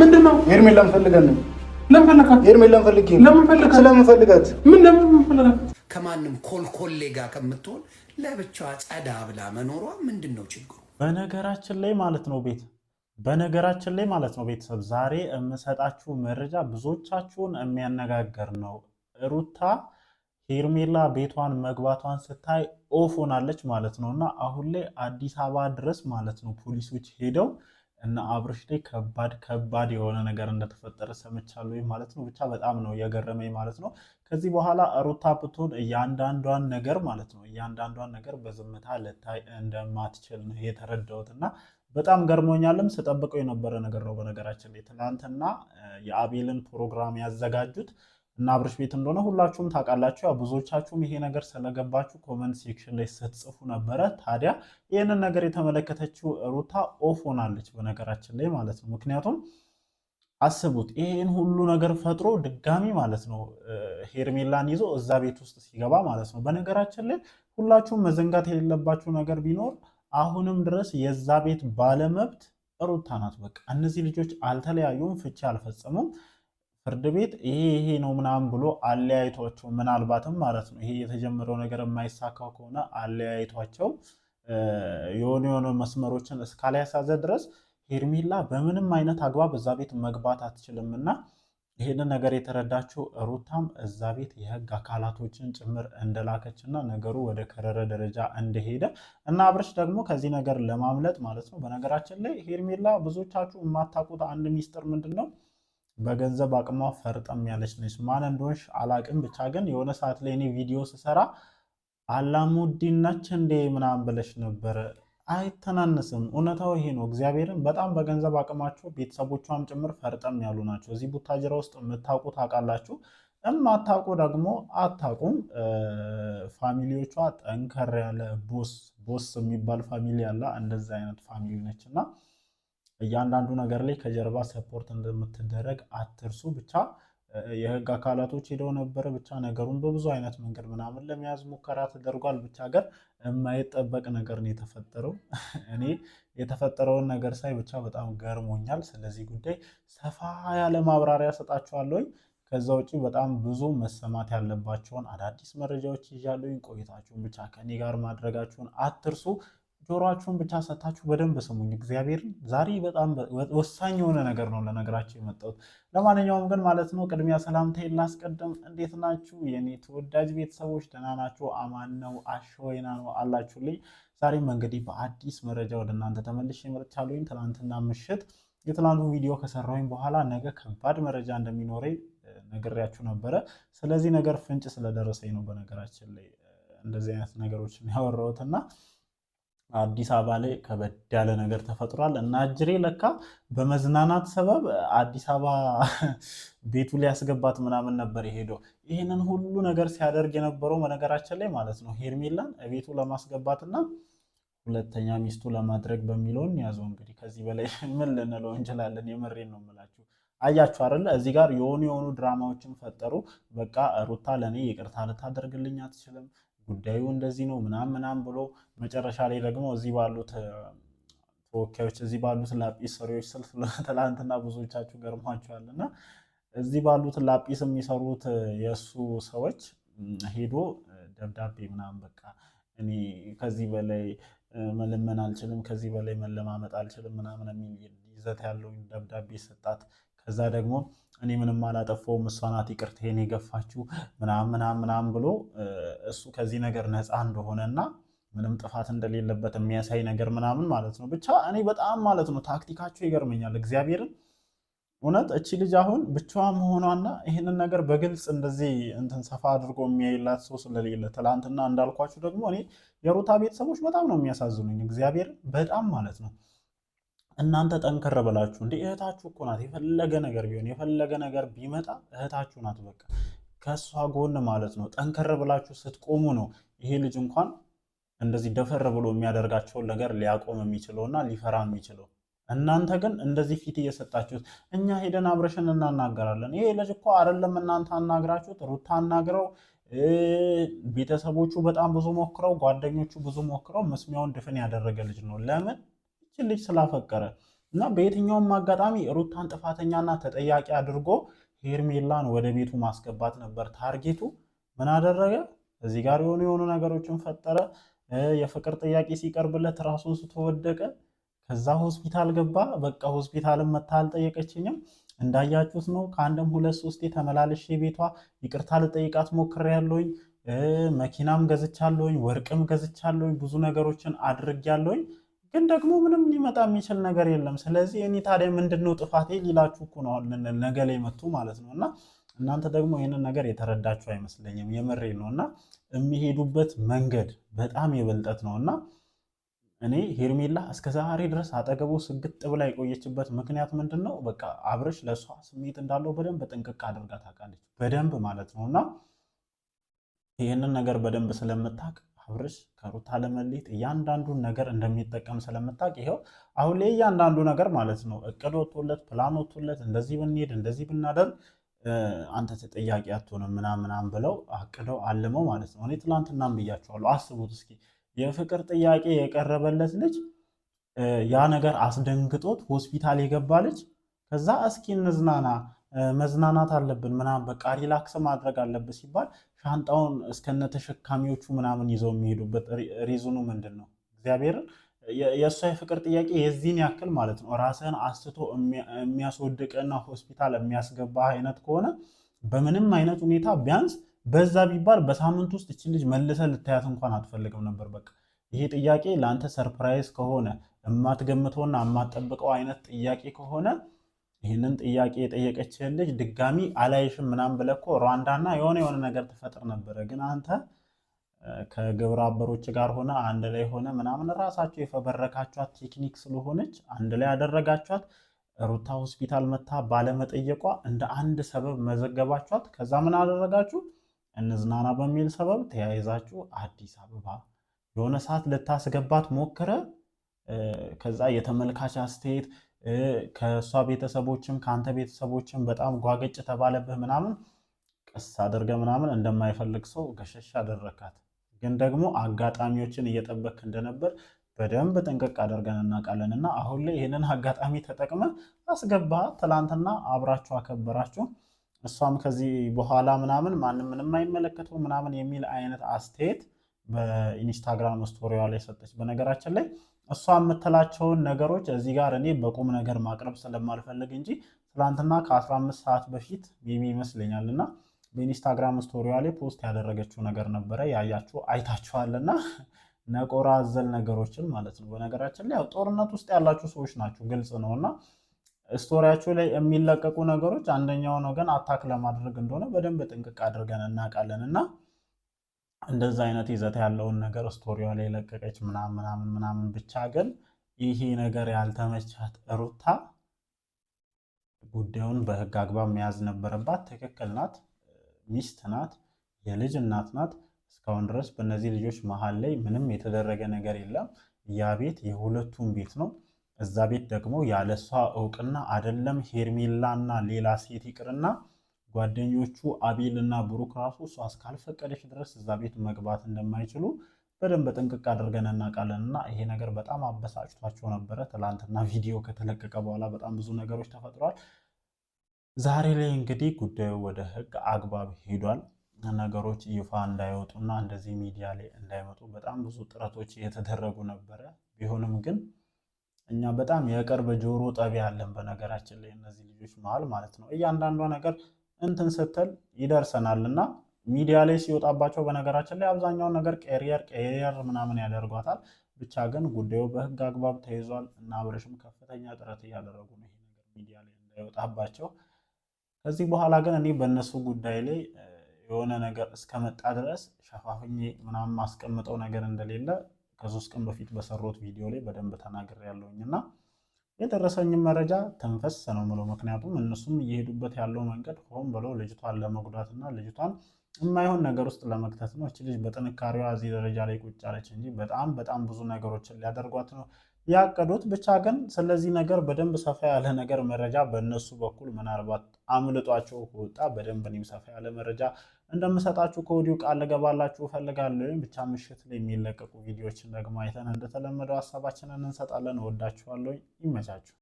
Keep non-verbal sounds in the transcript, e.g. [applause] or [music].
ምንድን ነው? ሄርሜላን ፈልገን ነው። ከማንም ኮልኮሌ ጋር ከምትሆን ለብቻዋ ጸዳ ብላ መኖሯ ምንድን ነው ችግሩ? በነገራችን ላይ ማለት ነው ቤት በነገራችን ላይ ማለት ነው ቤተሰብ ዛሬ የምሰጣችሁ መረጃ ብዙዎቻችሁን የሚያነጋግር ነው። ሩታ ሄርሜላ ቤቷን መግባቷን ስታይ ኦፍ ሆናለች ማለት ነው እና አሁን ላይ አዲስ አበባ ድረስ ማለት ነው ፖሊሶች ሄደው እና አብርሽ ላይ ከባድ ከባድ የሆነ ነገር እንደተፈጠረ ሰምቻለሁ ማለት ነው። ብቻ በጣም ነው የገረመኝ ማለት ነው። ከዚህ በኋላ ሩታ ብትሆን እያንዳንዷን ነገር ማለት ነው እያንዳንዷን ነገር በዝምታ ልታይ እንደማትችል ነው የተረዳሁት እና በጣም ገርሞኛልም። ስጠብቀው የነበረ ነገር ነው። በነገራችን ላይ ትናንትና የአቤልን ፕሮግራም ያዘጋጁት እና አብርሽ ቤት እንደሆነ ሁላችሁም ታውቃላችሁ። ያው ብዙዎቻችሁም ይሄ ነገር ስለገባችሁ ኮመንት ሴክሽን ላይ ስትጽፉ ነበረ። ታዲያ ይህንን ነገር የተመለከተችው ሩታ ኦፍ ሆናለች፣ በነገራችን ላይ ማለት ነው። ምክንያቱም አስቡት ይሄን ሁሉ ነገር ፈጥሮ ድጋሚ ማለት ነው ሄርሜላን ይዞ እዛ ቤት ውስጥ ሲገባ ማለት ነው። በነገራችን ላይ ሁላችሁም መዘንጋት የሌለባችሁ ነገር ቢኖር አሁንም ድረስ የዛ ቤት ባለመብት ሩታ ናት። በቃ እነዚህ ልጆች አልተለያዩም፣ ፍቺ አልፈጸሙም። ፍርድ ቤት ይሄ ይሄ ነው ምናምን ብሎ አለያይቷቸው ምናልባትም ማለት ነው ይሄ የተጀመረው ነገር የማይሳካው ከሆነ አለያይቷቸው የሆነ የሆነ መስመሮችን እስካላያሳዘ ድረስ ሄርሜላ በምንም አይነት አግባብ እዛ ቤት መግባት አትችልም እና ይህንን ነገር የተረዳችው ሩታም እዛ ቤት የህግ አካላቶችን ጭምር እንደላከች እና ነገሩ ወደ ከረረ ደረጃ እንደሄደ እና አብርሽ ደግሞ ከዚህ ነገር ለማምለጥ ማለት ነው። በነገራችን ላይ ሄርሜላ ብዙዎቻችሁ የማታውቁት አንድ ሚስጥር ምንድን ነው? በገንዘብ አቅሟ ፈርጠም ያለች ነች። ማን እንደሆንሽ አላቅም፣ ብቻ ግን የሆነ ሰዓት ላይ እኔ ቪዲዮ ስሰራ አላሙዲን ነች እንዴ ምናምን ብለሽ ነበረ። አይተናነስም፣ እውነታው ይሄ ነው። እግዚአብሔርን በጣም በገንዘብ አቅማቸው ቤተሰቦቿም ጭምር ፈርጠም ያሉ ናቸው። እዚህ ቡታጅራ ውስጥ የምታውቁ ታውቃላችሁ፣ እማታውቁ ደግሞ አታውቁም። ፋሚሊዎቿ ጠንከር ያለ ቦስ ቦስ የሚባል ፋሚሊ ያለ እንደዚህ አይነት ፋሚሊ ነች እና እያንዳንዱ ነገር ላይ ከጀርባ ሰፖርት እንደምትደረግ አትርሱ። ብቻ የህግ አካላቶች ሄደው ነበረ። ብቻ ነገሩን በብዙ አይነት መንገድ ምናምን ለመያዝ ሙከራ ተደርጓል። ብቻ ገር የማይጠበቅ ነገር ነው የተፈጠረው። እኔ የተፈጠረውን ነገር ሳይ ብቻ በጣም ገርሞኛል። ስለዚህ ጉዳይ ሰፋ ያለ ማብራሪያ ሰጣችኋለሁኝ። ከዛ ውጭ በጣም ብዙ መሰማት ያለባቸውን አዳዲስ መረጃዎች ይዣለሁኝ። ቆይታችሁን ብቻ ከኔ ጋር ማድረጋችሁን አትርሱ። ጆሮአችሁን ብቻ ሰታችሁ በደንብ ስሙኝ። እግዚአብሔርን ዛሬ በጣም ወሳኝ የሆነ ነገር ነው ለነገራችሁ የመጣሁት። ለማንኛውም ግን ማለት ነው ቅድሚያ ሰላምታ ላስቀድም። እንዴት ናችሁ የኔ ተወዳጅ ቤተሰቦች? ደህና ናችሁ? አማን ነው አሸወይና ነው አላችሁልኝ? ዛሬም እንግዲህ በአዲስ መረጃ ወደ እናንተ ተመልሼ መጥቻለሁኝ። ትናንትና ምሽት የትናንቱ ቪዲዮ ከሰራሁኝ በኋላ ነገ ከባድ መረጃ እንደሚኖረኝ ነግሬያችሁ ነበረ። ስለዚህ ነገር ፍንጭ ስለደረሰኝ ነው በነገራችን ላይ እንደዚህ አይነት ነገሮችን ያወራሁትና አዲስ አበባ ላይ ከበድ ያለ ነገር ተፈጥሯል እና እጅሬ ለካ በመዝናናት ሰበብ አዲስ አበባ [laughs] ቤቱ ሊያስገባት ምናምን ነበር የሄደው። ይህንን ሁሉ ነገር ሲያደርግ የነበረው በነገራችን ላይ ማለት ነው ሄርሜላን ቤቱ ለማስገባትና ሁለተኛ ሚስቱ ለማድረግ በሚለውን ያዘው። እንግዲህ ከዚህ በላይ [laughs] ምን ልንለው እንችላለን? የምሬን ነው የምላችሁ። አያችሁ አይደለ? እዚህ ጋር የሆኑ የሆኑ ድራማዎችን ፈጠሩ። በቃ ሩታ ለእኔ ይቅርታ ልታደርግልኝ አትችልም ጉዳዩ እንደዚህ ነው ምናምን ምናምን ብሎ መጨረሻ ላይ ደግሞ እዚህ ባሉት ተወካዮች እዚህ ባሉት ላጲስ ሰሪዎች ስልፍ [laughs] ትላንትና ብዙዎቻችሁ ገርሟቸዋል እና እዚህ ባሉት ላጲስ የሚሰሩት የእሱ ሰዎች ሄዶ ደብዳቤ ምናምን በቃ እኔ ከዚህ በላይ መለመን አልችልም፣ ከዚህ በላይ መለማመጥ አልችልም ምናምን የሚል ይዘት ያለውን ደብዳቤ ሰጣት። ከዛ ደግሞ እኔ ምንም አላጠፋውም፣ እሷ ናት ይቅርታ ይሄን የገፋችሁ ምናምን ምናምን ምናምን ብሎ እሱ ከዚህ ነገር ነፃ እንደሆነና ምንም ጥፋት እንደሌለበት የሚያሳይ ነገር ምናምን ማለት ነው። ብቻ እኔ በጣም ማለት ነው ታክቲካቸው ይገርመኛል። እግዚአብሔርን እውነት እቺ ልጅ አሁን ብቻዋ መሆኗና ይህንን ነገር በግልጽ እንደዚህ እንትን ሰፋ አድርጎ የሚያይላት ሰው ስለሌለ፣ ትላንትና እንዳልኳችሁ ደግሞ እኔ የሩታ ቤተሰቦች በጣም ነው የሚያሳዝኑኝ። እግዚአብሔርን በጣም ማለት ነው እናንተ ጠንከር ብላችሁ እንደ እህታችሁ እኮ ናት። የፈለገ ነገር ቢሆን የፈለገ ነገር ቢመጣ እህታችሁ ናት። በቃ ከእሷ ጎን ማለት ነው። ጠንከር ብላችሁ ስትቆሙ ነው ይሄ ልጅ እንኳን እንደዚህ ደፈር ብሎ የሚያደርጋቸውን ነገር ሊያቆም የሚችለውና ሊፈራ የሚችለው። እናንተ ግን እንደዚህ ፊት እየሰጣችሁት እኛ ሄደን አብረሽን እናናገራለን። ይሄ ልጅ እኮ አይደለም እናንተ አናግራችሁት፣ ሩታ አናግረው፣ ቤተሰቦቹ በጣም ብዙ ሞክረው፣ ጓደኞቹ ብዙ ሞክረው፣ መስሚያውን ድፍን ያደረገ ልጅ ነው። ለምን ይችን ልጅ ስላፈቀረ እና በየትኛውም አጋጣሚ ሩታን ጥፋተኛና ተጠያቂ አድርጎ ሄርሜላን ወደ ቤቱ ማስገባት ነበር ታርጌቱ። ምን አደረገ? እዚህ ጋር የሆኑ የሆኑ ነገሮችን ፈጠረ። የፍቅር ጥያቄ ሲቀርብለት ራሱን ስተወደቀ ከዛ ሆስፒታል ገባ። በቃ ሆስፒታልን መታ አልጠየቀችኝም እንዳያችሁት ነው። ከአንድም ሁለት ሶስቴ ተመላልሼ ቤቷ ይቅርታ ልጠይቃት ሞክሬያለሁኝ። መኪናም ገዝቻለሁኝ፣ ወርቅም ገዝቻለሁኝ፣ ብዙ ነገሮችን አድርጌያለሁኝ። ግን ደግሞ ምንም ሊመጣ የሚችል ነገር የለም። ስለዚህ እኔ ታዲያ ምንድነው ጥፋቴ ሊላችሁ እኮ ነው ነገ ላይ መጥቶ ማለት ነው። እና እናንተ ደግሞ ይህንን ነገር የተረዳችሁ አይመስለኝም። የምሬ ነው። እና የሚሄዱበት መንገድ በጣም የበልጠት ነው እና እኔ ሄርሜላ እስከ ዛሬ ድረስ አጠገቡ ስግጥ ብላ የቆየችበት ምክንያት ምንድን ነው? በቃ አብርሽ ለእሷ ስሜት እንዳለው በደንብ ጥንቅቅ አድርጋ ታውቃለች። በደንብ ማለት ነው እና ይህንን ነገር በደንብ ስለምታውቅ አብርሽ ከሩታ ለመለየት እያንዳንዱን ነገር እንደሚጠቀም ስለምታውቅ ይኸው አሁን ላይ እያንዳንዱ ነገር ማለት ነው እቅድ ወጥቶለት ፕላን እንደዚህ ብንሄድ እንደዚህ ብናደርግ አንተ ተጠያቂ አትሆንም ምናምናም ብለው አቅደው አልመው ማለት ነው። እኔ ትላንትናም ብያቸዋለሁ። አስቡት እስኪ የፍቅር ጥያቄ የቀረበለት ልጅ ያ ነገር አስደንግጦት ሆስፒታል የገባ ልጅ ከዛ እስኪ እንዝናና መዝናናት አለብን ምናምን በቃ ሪላክስ ማድረግ አለብን ሲባል ሻንጣውን እስከነ ተሸካሚዎቹ ምናምን ይዘው የሚሄዱበት ሪዝኑ ምንድን ነው? እግዚአብሔርን የእሷ የፍቅር ጥያቄ የዚህን ያክል ማለት ነው። ራስህን አስትቶ የሚያስወድቅና ሆስፒታል የሚያስገባ አይነት ከሆነ በምንም አይነት ሁኔታ ቢያንስ በዛ ቢባል በሳምንት ውስጥ እችን ልጅ መልሰ ልታያት እንኳን አትፈልግም ነበር። በቃ ይሄ ጥያቄ ለአንተ ሰርፕራይዝ ከሆነ የማትገምተውና የማትጠብቀው አይነት ጥያቄ ከሆነ ይህንን ጥያቄ የጠየቀችህን ልጅ ድጋሚ አላይሽም ምናምን ብለህ እኮ ሩዋንዳና የሆነ የሆነ ነገር ትፈጥር ነበረ። ግን አንተ ከግብረ አበሮች ጋር ሆነ አንድ ላይ ሆነ ምናምን ራሳቸው የፈበረካችኋት ቴክኒክ ስለሆነች አንድ ላይ ያደረጋችኋት። ሩታ ሆስፒታል መታ ባለመጠየቋ እንደ አንድ ሰበብ መዘገባችኋት። ከዛ ምን አደረጋችሁ? እንዝናና በሚል ሰበብ ተያይዛችሁ አዲስ አበባ የሆነ ሰዓት ልታስገባት ሞክረ። ከዛ የተመልካች አስተያየት ከእሷ ቤተሰቦችም ከአንተ ቤተሰቦችም በጣም ጓገጭ ተባለብህ ምናምን ቀስ አድርገ ምናምን እንደማይፈልግ ሰው ገሸሽ አደረካት። ግን ደግሞ አጋጣሚዎችን እየጠበክ እንደነበር በደንብ ጥንቅቅ አድርገን እናውቃለን። እና አሁን ላይ ይህንን አጋጣሚ ተጠቅመ አስገባ። ትላንትና አብራችሁ አከበራችሁ። እሷም ከዚህ በኋላ ምናምን ማንም ምንም አይመለከተው ምናምን የሚል አይነት አስተያየት በኢንስታግራም ስቶሪዋ ላይ ሰጠች። በነገራችን ላይ እሷ የምትላቸውን ነገሮች እዚህ ጋር እኔ በቁም ነገር ማቅረብ ስለማልፈልግ እንጂ ትላንትና ከ15 ሰዓት በፊት ሚሚ ይመስለኛል እና በኢንስታግራም ስቶሪዋ ላይ ፖስት ያደረገችው ነገር ነበረ። ያያችሁ አይታችኋልና ነቆራ አዘል ነገሮችን ማለት ነው። በነገራችን ላይ ያው ጦርነት ውስጥ ያላችሁ ሰዎች ናችሁ፣ ግልጽ ነው እና ስቶሪያችሁ ላይ የሚለቀቁ ነገሮች አንደኛውን ወገን አታክ ለማድረግ እንደሆነ በደንብ ጥንቅቅ አድርገን እናውቃለን እና እንደዚ አይነት ይዘት ያለውን ነገር ስቶሪዋ ላይ ለቀቀች ምናምን ምናምን ምናምን። ብቻ ግን ይሄ ነገር ያልተመቻት ሩታ ጉዳዩን በህግ አግባብ መያዝ ነበረባት። ትክክል ናት፣ ሚስት ናት፣ የልጅ እናት ናት። እስካሁን ድረስ በእነዚህ ልጆች መሀል ላይ ምንም የተደረገ ነገር የለም። ያ ቤት የሁለቱም ቤት ነው። እዛ ቤት ደግሞ ያለሷ እውቅና አደለም ሄርሜላና ሌላ ሴት ይቅርና ጓደኞቹ አቤል እና ብሩክ ራሱ እሷ እስካልፈቀደች ድረስ እዛ ቤት መግባት እንደማይችሉ በደንብ ጥንቅቅ አድርገን እናውቃለን እና ይሄ ነገር በጣም አበሳጭቷቸው ነበረ። ትላንትና ቪዲዮ ከተለቀቀ በኋላ በጣም ብዙ ነገሮች ተፈጥሯል። ዛሬ ላይ እንግዲህ ጉዳዩ ወደ ህግ አግባብ ሄዷል። ነገሮች ይፋ እንዳይወጡና እንደዚህ ሚዲያ ላይ እንዳይመጡ በጣም ብዙ ጥረቶች የተደረጉ ነበረ። ቢሆንም ግን እኛ በጣም የቅርብ ጆሮ ጠቢ ያለን በነገራችን ላይ እነዚህ ልጆች መሀል ማለት ነው እያንዳንዷ ነገር እንትን ስትል ይደርሰናል እና ሚዲያ ላይ ሲወጣባቸው በነገራችን ላይ አብዛኛውን ነገር ቀሪየር ቀሪየር ምናምን ያደርጓታል። ብቻ ግን ጉዳዩ በህግ አግባብ ተይዟል እና አብረሽም ከፍተኛ ጥረት እያደረጉ ነው ይሄ ነገር ሚዲያ ላይ እንዳይወጣባቸው። ከዚህ በኋላ ግን እኔ በእነሱ ጉዳይ ላይ የሆነ ነገር እስከመጣ ድረስ ሸፋፍኜ ምናምን ማስቀምጠው ነገር እንደሌለ ከሶስት ቀን በፊት በሰሩት ቪዲዮ ላይ በደንብ ተናግሬያለሁኝ እና የደረሰኝም መረጃ ተንፈስ ነው የምለው። ምክንያቱም እነሱም እየሄዱበት ያለው መንገድ ሆን ብሎ ልጅቷን ለመጉዳትና ልጅቷን የማይሆን ነገር ውስጥ ለመክተት ነው። እች ልጅ በጥንካሬዋ እዚህ ደረጃ ላይ ቁጭ አለች እንጂ በጣም በጣም ብዙ ነገሮችን ሊያደርጓት ነው ያቀዱት። ብቻ ግን ስለዚህ ነገር በደንብ ሰፋ ያለ ነገር መረጃ በእነሱ በኩል ምናልባት አምልጧቸው ከወጣ በደንብ እኔም ሰፋ ያለ መረጃ እንደምሰጣችሁ ከወዲሁ ቃል ልገባላችሁ እፈልጋለሁ። ብቻ ምሽት ላይ የሚለቀቁ ቪዲዮዎችን ደግሞ አይተን እንደተለመደው ሀሳባችንን እንሰጣለን። እወዳችኋለሁ። ይመቻችሁ።